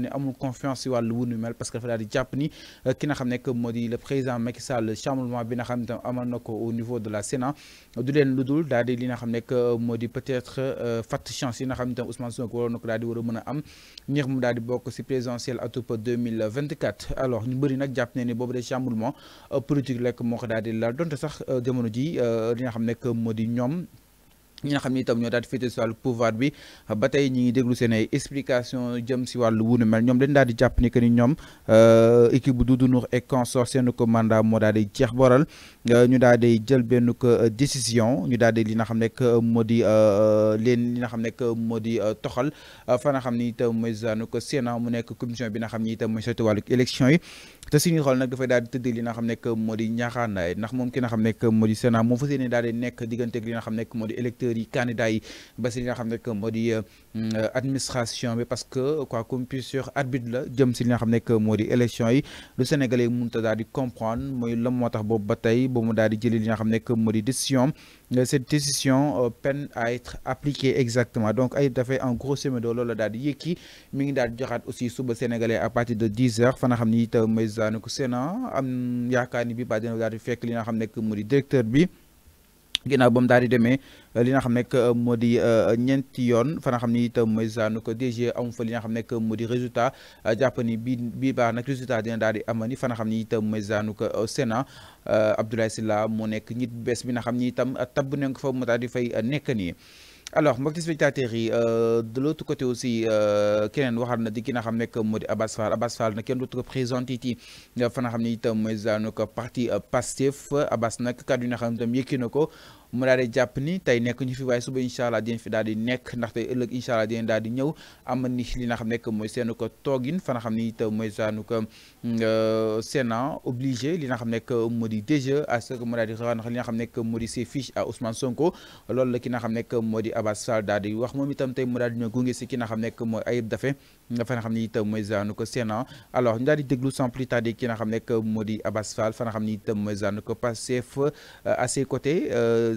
ne amul confiance si wàllu wu mel parce que dafa daal di jàpp ni euh, ki nga xamne que modi le président Macky Sall chamboulement bi nga xam ne amal nako au niveau de la Sénat du len luddul daal di li nga xamne que euh, modi peut-être euh, fat chance yi nga xamne ne Ousmane Sonko waroon na ko daal di war a am ngir mu daal di ci présidentiel présidentielle atoup 2024 alors ñu bari nak japp ne ni bobu de chamboulement politique lek moko ko daal di lal donte sax jamono ji li nga xamne que modi ñom ñi nga xam ni itam ñoo daal di féete si wàllu pouvoir bi ba tey ñi ngi déglu seen ay explication jëm si wàllu wunu mel ñoom dañ daal di jàpp ni que ni ñoom euh, équipe bu Doudou Ndour et consort seen ko mandat moo daal di jeex boral euh, ñu daal di jël benn ko euh, décision ñu daal di li nga xam nekk moo di leen li nga xam nekk moo di toxal fa nga xam ni itam mooy zaanu ko Sénat mu nekk commission bi nga xam ni itam mooy saytu wàllu élection yi te suñuy xool nag dafay daal di tëdd li nga xam nekk moo di ñaaxaanaay ndax moom ki nga xam que moo di Sénat moom fa seeni daal di nekk diggante li nga xam nekk moo di électeur acteurs yi candidats yi ba si li nga xam ne que moo di euh, euh, administration bi parce que quoi qu'on puisse sur arbitre la jëm si li nga xam ne que moo di élection yi lu sénégalais yi mënut a daal di comprendre mooy le moo tax boobu ba tey ba mu daal di jëli li nga xam ne que moo di décision euh, cette décision peine à être appliquée exactement donc ay dafay en gros semédo loolu la daal di yëkki mi ngi daal di joxaat aussi suba sénégalais à partir de 10 heures fa nga xam ni itam mooy zaanuko Sénat am yaakaar ni bi ba dina daal di fekk li nga xam ne que moo di directeur bi ginnaaw ba mu daal di demee li nga xam nekk euh, moo di euh, ñeenti yoon fa nga xam ni itam mooy zaanu ko DG am fa li nga xam nekk moo di résultat euh, jàpp ni bi bii baax nag résultat dina daal di amani fa nga xam ni itam mooy zaanu ko Sénat Abdoulaye Sylla moo nekk nit bees bi na xam ni itam tabb nañ ko fa mu daal di fay nekk nii. alors mbokki spectateurs yi euh, de l'autre côté aussi euh, keneen waxaat na di ki nga xam nekk moo di Abass Fall Abass Fall nag kenn dootu ko présenté euh, fa nga xam ko parti Pastef Abass nak kàddu xam ko mu daal di ni tey nekk ñu fi way suba inshallah allah fi daal di nekk ndaxte tay incha inshallah dinañ daal di ñëw am ni li nga xam nekk mooy seenu ko toogin fa nga xam ne it mooy seenu ko euh, Sénat obligé li nga xam nekk moo di à ce que mu daal di li nga xam nekk moo di ses fiches à Ousmane Sonko loolu la ki nga xam nekk modi di Abbas Sall daal di wax mom itam tay mu ñu gungé ci ki nga xam nekk mooy Ayib Daffé fa nga xam ne it mooy seenu ko Sénat alors ñu daal di déglu sans plus tarder ki nga xam nekk moo di Abbas Sall fa nga xam ne it mooy seenu ko Pastef euh, à ses côtés euh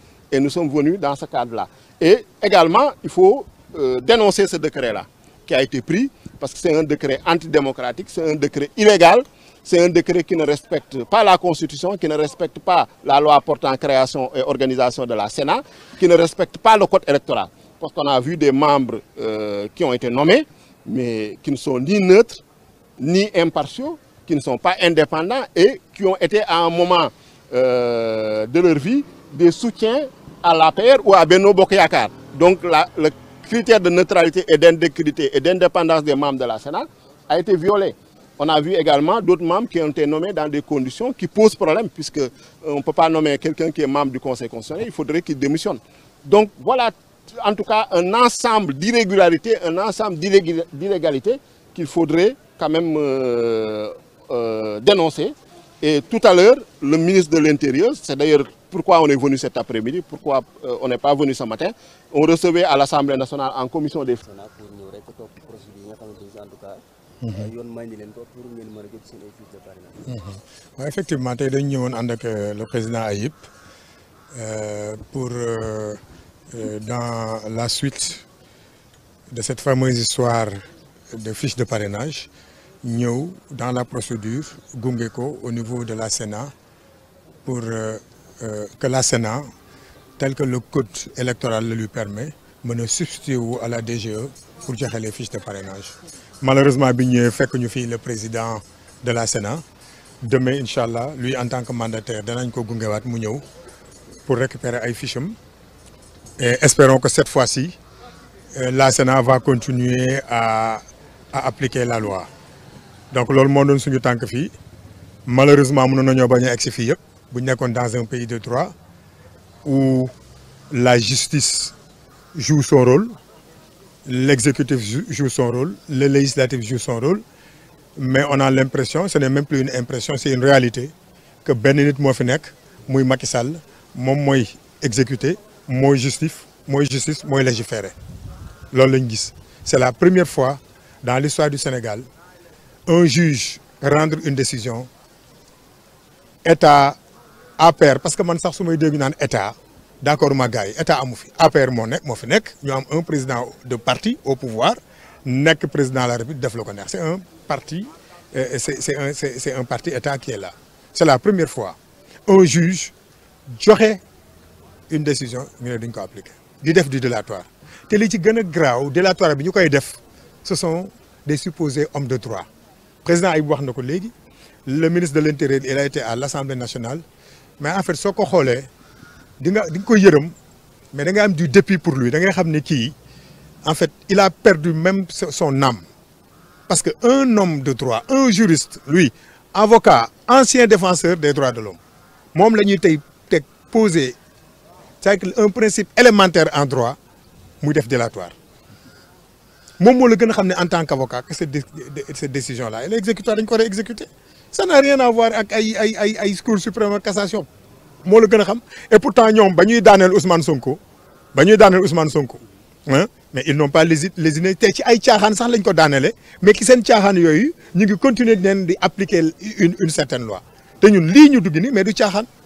Et nous sommes venus dans ce cadre-là. Et également, il faut euh, dénoncer ce décret-là qui a été pris parce que c'est un décret antidémocratique, c'est un décret illégal, c'est un décret qui ne respecte pas la Constitution, qui ne respecte pas la loi portant création et organisation de la Sénat, qui ne respecte pas le code électoral. Parce qu'on a vu des membres euh, qui ont été nommés, mais qui ne sont ni neutres, ni impartiaux, qui ne sont pas indépendants et qui ont été à un moment euh, de leur vie des soutiens à l'APR ou à Beno Bokéakar. Donc le critère de neutralité et et d'indépendance des membres de la Sénat a été violé. On a vu également d'autres membres qui ont été nommés dans des conditions qui posent problème, puisqu'on euh, ne peut pas nommer quelqu'un qui est membre du Conseil constitutionnel, il faudrait qu'il démissionne. Donc voilà, en tout cas, un ensemble d'irrégularités, un ensemble d'illégalités qu'il faudrait quand même euh, euh, dénoncer. Et tout à l'heure, le ministre de l'Intérieur, c'est d'ailleurs pourquoi on est venu cet après-midi, pourquoi euh, on n'est pas venu ce matin. On recevait à l'Assemblée nationale en commission des... effectivement c'est effectivement, nous, le président Ayip, euh, pour euh, dans la suite de cette fameuse histoire de fiches de parrainage nous, dans la procédure Gungeko au niveau de la Sénat pour. Euh, que la Sénat, tel que le code électoral le lui permet, me substitue à la DGE pour gérer les fiches de parrainage malheureusement bi fait que nous le président de la Sénat demain lui en tant que mandataire nous allons pour récupérer les fiches et espérons que cette fois-ci euh, la Sénat va continuer à appliquer la loi donc le monde, nous suñu que malheureusement nous n'avons pas a dans un pays de droit où la justice joue son rôle l'exécutif joue son rôle le législatif joue son rôle mais on a l'impression ce n'est même plus une impression c'est une réalité que Bénédicte nit Mouy Makissal, nekk exécuté, Macky justif justice mooy Légiféré, c'est la première fois dans l'histoire du Sénégal un juge rendre une décision est à APR parce que man sax suis may état d'accord, ma gars état Aper, fi APR un président de parti au pouvoir un président de la République de C'est un parti euh, c'est un parti état qui est là C'est la première fois un juge a une décision ñu ne duñ ko appliquer def du délatoire délatoire ce sont des supposés hommes de droit Le président ay wax le ministre de l'Intérieur, il a été à l'Assemblée nationale mais en fait ce qu'on xoolee di nga di mais da nga am du dépit pour lui da en fait il a perdu même son âme parce que un homme de droit un juriste lui avocat ancien défenseur des droits de l'homme il a posé c'est un principe élémentaire en droit muy def délatoire mom mo la gëna a en tant qu'avocat que cette décision là elle est exécutoire dañ ça n'a rien à voir ak ay ay ay cour suprême cassation Moi la gën et pourtant ñoom ba ñuy Ousmane Sonko ba ñuy Ousmane Sonko Hein? mais ils n'ont pas les les te ci ay caaxaan sax lañ ko daaneele mais ki seen caaxaan yooyu ñu ngi continuer neen di appliquer une une certaine loi te ñun lii ñu dugg ni mais du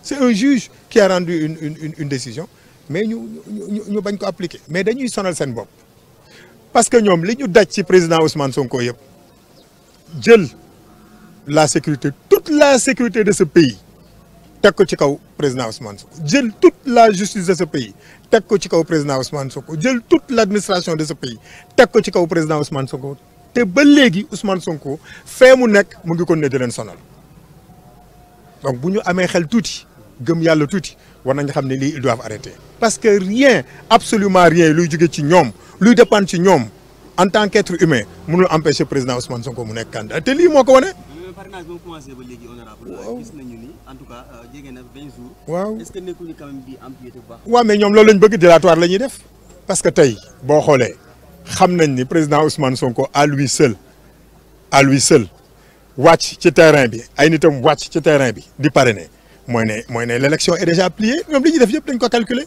c'est un juge qui a rendu une une une décision mais nous, ñu ñu bañ ko appliquer mais dañuy sonal seen bopp parce que nous, li ñu daj ci président Ousmane Sonko yëpp jël la sécurité toute la sécurité de ce pays tout ko président Ousmane toute la justice de ce pays ce ko ci président Ousmane Sonko toute l'administration de ce pays le ko ci président Ousmane Sonko te ba Ousmane Sonko fais mu nekk mu de donc si on touti, xel touti, gëm ils doivent arrêter parce que rien absolument rien luy en tant qu'être humain mënul empêcher président Ousmane Sonko parrainage moom commencé na ba léegi honorable gis nañu ni en tout cas euh, jege na 20 jours. waaw est-ce que nekkuñu quand même bi amputé bu baax. waaw mais ñom loolu lañ bëgg dilatoire lañuy def parce que tay bo xolé xam nañ ni président Ousmane Sonko à lui seul à lui seul wàcc ci terrain bi ay nitam wàcc ci terrain bi di parrainer moy né moy né l'élection est déjà pliée ñom liñu def yépp dañ ko calculer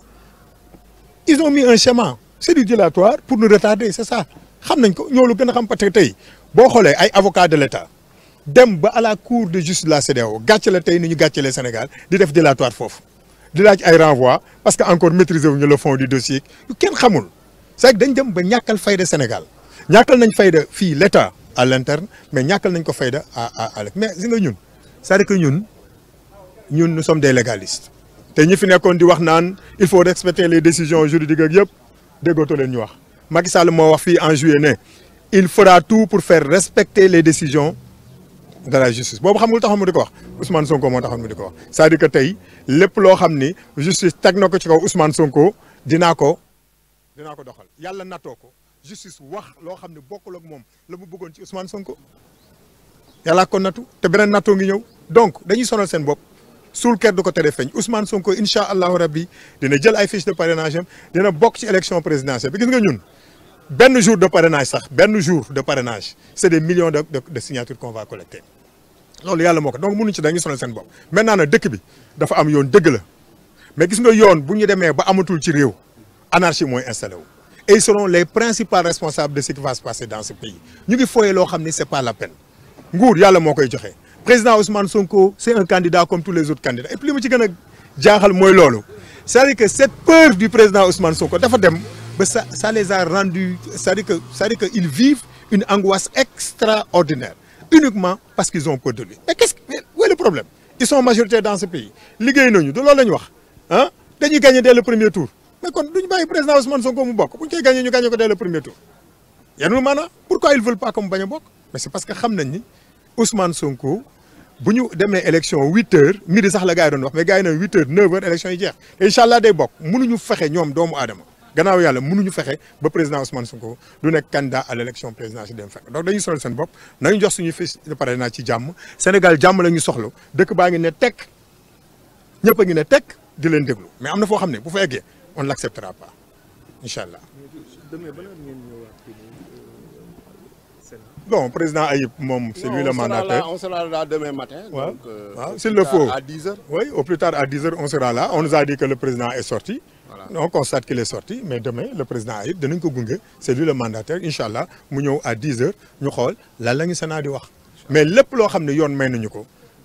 ils ont mis un schéma c'est du dilatoire pour nous retarder c'est ça xam nañ ko ñoo lu gëna xam parce que tey boo xoolee ay avocat de l'État dem ba à la cour de justice de la CEDEAO gàcce la tey ni ñu le Sénégal di def dilatoire foofu di laaj ay renvoi parce que encore maîtriser le fond du dossier yu kenn xamul c'est que dañ dem ba ñakal fayda Sénégal ñakal nañ fayda fi, l'État à l'interne mais ñakal nañ ko fayda à à à mais si nga ñun c'est-à-dire que ñun ñun nous sommes des légalistes te ñi fi nekkon di wax naan il faut respecter les décisions juridiques ak yëpp déggootoo leen ñu wax Macky Sall wax fi en juillet il fera tout pour faire respecter les décisions de la justice boobu xam nga lu taxoon mu di wax Ousmane Sonko moo taxoon mu di wax c'est-à-dire que tey lépp loo xam justice teg na ko ci kaw Ousmane Sonko dinaa ko dinaa ko doxal yàlla nattoo justice wax loo xam ne bokkul ak moom la mu bëggoon ci Ousmane Sonko Yalla ko nattu te beneen nattoo ngi ñëw donc dañuy sonal seen bopp suul ker du ko tere feeñ Ousmane Sonko incha allahu rabbi dina jël ay fiche de parrainage am dina bokk ci élection présidentielle bi gis nga ñun benn jour de parrainage sax benn jour de parrainage c'est des millions de de, de signatures qu'on va collecter loolu yàlla moo ko donc mënuñu ci dañuy sonal seen bopp maintenant nag dëkk bi dafa am yoon dëgg la mais gis nga yoon bu ñu demee ba amatul ci réew anarchie mooy installé wu. et ils seront les principaux responsables de ce qui va se passer dans ce pays ñu ngi fooyee loo xam ne c'est pas la peine nguur yàlla moo koy joxe président Ousmane Sonko c'est un candidat comme tous les autres candidats et puis li mu ci gën a jaaxal mooy loolu c'est-à-dire que cette peur du président Ousmane Sonko dafa dem ba ça ça les a rendus c'est-à-dire que c'est-à-dire que ils vivent une angoisse extraordinaire uniquement parce qu'ils ont peur de lui mais qu'est-ce où est le problème ils sont majoritaires dans ce pays Ils nañu de loolu la hein? gagné dès le premier tour mais kon duñu le président Ousmane Sonko mu bokk bu gagné ñu gagné dès le premier tour pourquoi ils veulent pas comme mu mais c'est parce que xam ni Ousmane Sonko bu ñu l'élection élection 8h, midi sax la 8h, 9 wax mais est yi ne huit heures neuf heures élection yi jeex mënuñu doomu gannaaw yàlla mënuñu fexe ba président Ousmane Sonko du nekk candidat à l' élection présidentielle dem fekk donc dañuy sonal seen bopp nañu jox suñu fiche de parrainage ci jàmm Sénégal jàmm la ñu soxla dëkk baa ngi ne tekk ñëpp a ngi ne tekk di leen déglu mais am na foo xam ne bu fa eggee on l' acceptera pas incha allah. bon président Ayib moom c'est lui le mandataire on sera là demain matin. donc euh, ah, le faut à 10 heures. oui au plus tard à 10 heures on sera là on nous a dit que le président est sorti. On constate qu'il est sorti, mais demain, le président Aïd, c'est lui le mandataire, Inch'Allah, à 10h, nous faire la langue Sénat de Mais le c'est que nous avons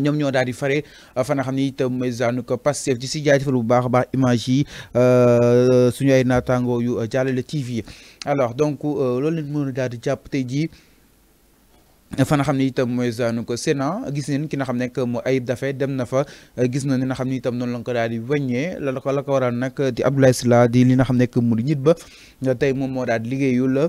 ñoom ñoo daal di fare euh, fana xam ni itam mooy zaanu ko Pastef di si jaajëfal bu baax a baax image yi euh, suñu ay naataangoo yu euh, Jàllale TV alors donc loolu lañ mën a daal di jàpp tey jii. fa xam ne itam mooy zaanu ko Sénat gis ni ki na xam ne mooy Ayib Daffé dem na fa gis na ni na xam ne itam noonu la ko daal di wàññee la ko la ko waral nag di Abdoulaye Sylla di li na xam ne mu ñit nit ba tey moom moo daal di liggéeyul la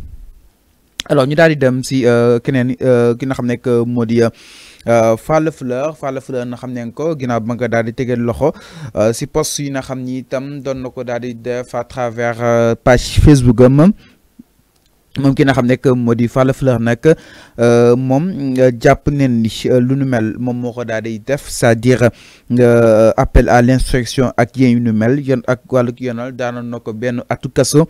alors ñu daal di dem si euh, keneen euh, ki nga xam nekk moo di euh, Falla Fleur Falla Fleur na xam ne ko ginnaaw ba nga daal di tegeel loxo si post yi na xam ni itam doon na ko daal di def à travers page Facebook am moom ki na xam nekk moo di Falla Fleur nag moom jàpp neen lu nu mel moom moo ko daal di def c'est-à-dire appel à l'instruction ak yéen yu nu mel yoon ak wàllug yoonal daanoon na ko benn atu kaso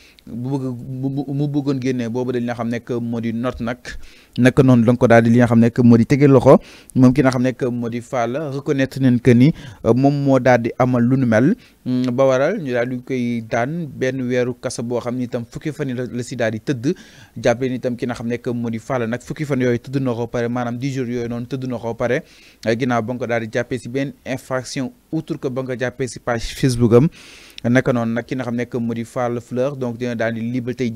bu bëgg mu bëggoon génnee boobu dañ nga xam nekk moo di note nag naka noonu donc daal di li nga xam nekk moo di tege loxo moom ki nga xam nekk moo di Fall reconnaître nañ que ni moom moo daal di amal lu nu mel mm, ba waral ñu daal di koy daan benn weeru kasa boo xam ni itam fukki fan la la si daal di tëdd jàppee ni itam ki nga xam moo di Fall nag fukki fan yooyu tëdd na ko pare maanaam di jours yooyu noonu tëdd na ko pare ginnaaw ba nga ko daal di jàppee si benn infraction outre ko ba nga ko jàppee si page Facebook am. naka non nak ki nga Fleur donc dina euh,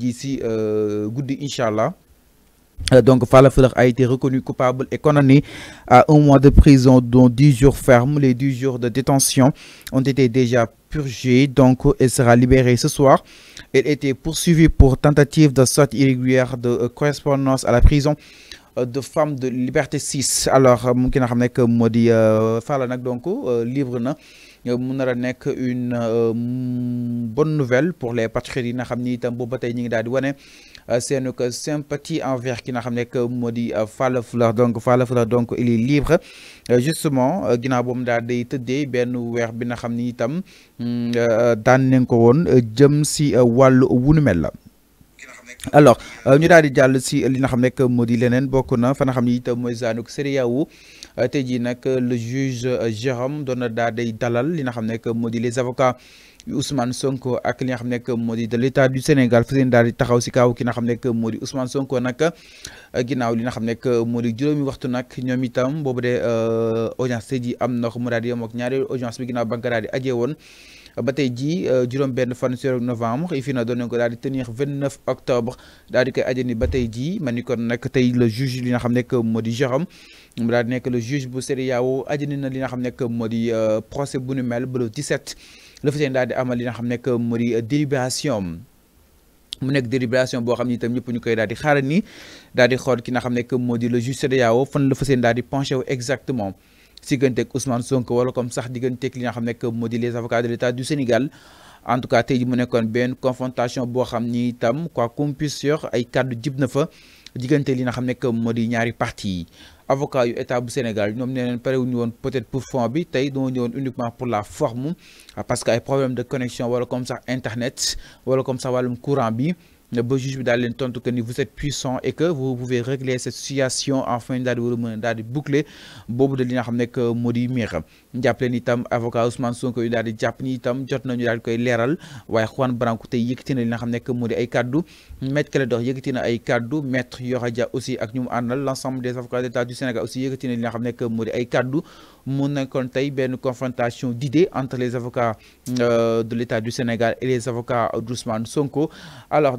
euh, a été reconnu coupable et condamné à un mois de prison, dont 10 jours fermes. Les 10 jours de détention ont été déjà purgés, donc elle sera libérée ce soir. Elle était poursuivie pour tentative de sorte irrégulière de euh, correspondance à la prison de femmes de Liberté 6. Alors, Moukina Hamnek Modi Fala donc libre. Euh, mu nar a une euh, bonne nouvelle pour les patriotes yi nga xam ni itam boobu ba ngi daal di euh, sympathie envers ki nga xam que modi fall Fleur donc fall Fleur donc il est libre justement ginnaaw boobu daal day Ben benn weer bi nga xam ni mm, daan nañ ko jëm si walu wunu mel la. alors euh, ñu daal di jàll si li nga xam nekk moo di leneen bokk na fa nga xam ni itam mooy zaanuk CEDEAO euh, tey jii nag euh, le juge Jérôme doon na daal day dalal li na xam nekk moo di les avocats Ousmane Sonko ak li nga xam nekk moo di de du Sénégal fa seen daal di taxaw si kaaw ki nga xam nekk moo di Ousmane Sonko nag ginnaaw li nga xam nekk moo di juróomi waxtu nag ñoom itam boobu de audience tey jii am na ko mu daal di yem ak audience bi ginnaaw ba nga di ajee woon. ba tey jii euh, juróom fan novembre IFINA doon nañ ko daal di tenir 29 octobre daal di koy ajani ba tey jii ma nak tay le juge li nga xam nekk moo di Jérôme mu daal di le juge bu CEDEAO ajani na li nga xam nekk moo euh, procès bu nu mel ba le 17 le fa seen di amal li nga xam que moo euh, délibération mu nek délibération bo xamni tam ñep ñëpp ñu koy daal di xaaral ni daal di xool ki nga xam nekk le juge CEDEAO fan le fa seen daal di penché exactement digganteeg Ousmane Sonko wala comme sax digganteeg li nga xam nekk les avocats de l'État du Sénégal en tout cas tay ji mu nekkoon ben confrontation bo xamni tam quoi qu'on puisse dire ay cadre djibna fa diggante li nga xam nekk moo ñaari parti yi avocat yu état du Sénégal ñom nee paré wuñu won peut-être pour fond bi tey doo ñëwoon uniquement pour la forme parce que ay problème de connexion wala comme sax internet wala comme sax walum courant bi beau juge bi daal tontu que ni vous êtes puissant et que vous pouvez régler cette situation afin d'aller de boucler boobu de li nga xam nekk moo a plein itam avocat Ousmane Sonko que daal di jàpp ni itam jot nañu daal di koy leeral waaye Juan Branco tey yëkkati na li nga xam nekk moo di ay kaddu maître Clédor yëkkati na ay kaddu maître Yoro aussi ak ñu mu l'ensemble des avocats d'état l'État du Sénégal aussi yëkkati na li nga xam nekk moo di ay kaddu mu nekkoon confrontation d'idées entre les avocats euh, de l'état du Sénégal et les avocats d'Ousmane Sonko alors.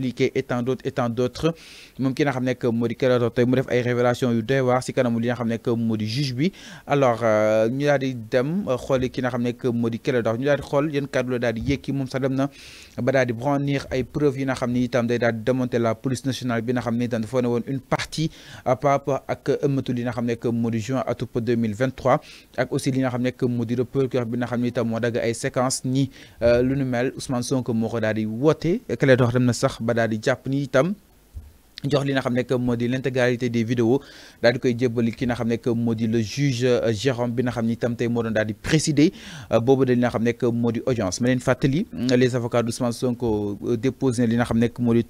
appliqué et tant d'autres et tant d'autres moom ki n'a xam que modi di Clédor tey mu def ay révélation yu doy waar si kanamu li n'a xam que moo juge bi alors euh, ñu daal di dem euh, xooli ki n'a xam que modi di Clédor ñu daal di xool yéen kàddu la daal di yékki moom sax dem na ba daal di brandir ay preuves yi n'a xam itam day daal démonter la police nationale bi ramené. xam ne itam dafa une partie euh, par rapport ak que li nga n'a ramené que di juin atoup 2023 ak aussi li n'a xam que modi di reprocureur bi n'a xam ne itam moo dagg ay séquence ni lu nu mel Ousmane Sonko moo ko daal di woote Clédor dem sax ba japp ni itam jox li nga l'intégralité des vidéos dal di koy jébbali ki que le juge euh, Jérôme bi nga xamni tam tay modon dal di présider euh, de li nga que audience ma len euh, les avocats d'Ousmane Sonko déposé li nga xam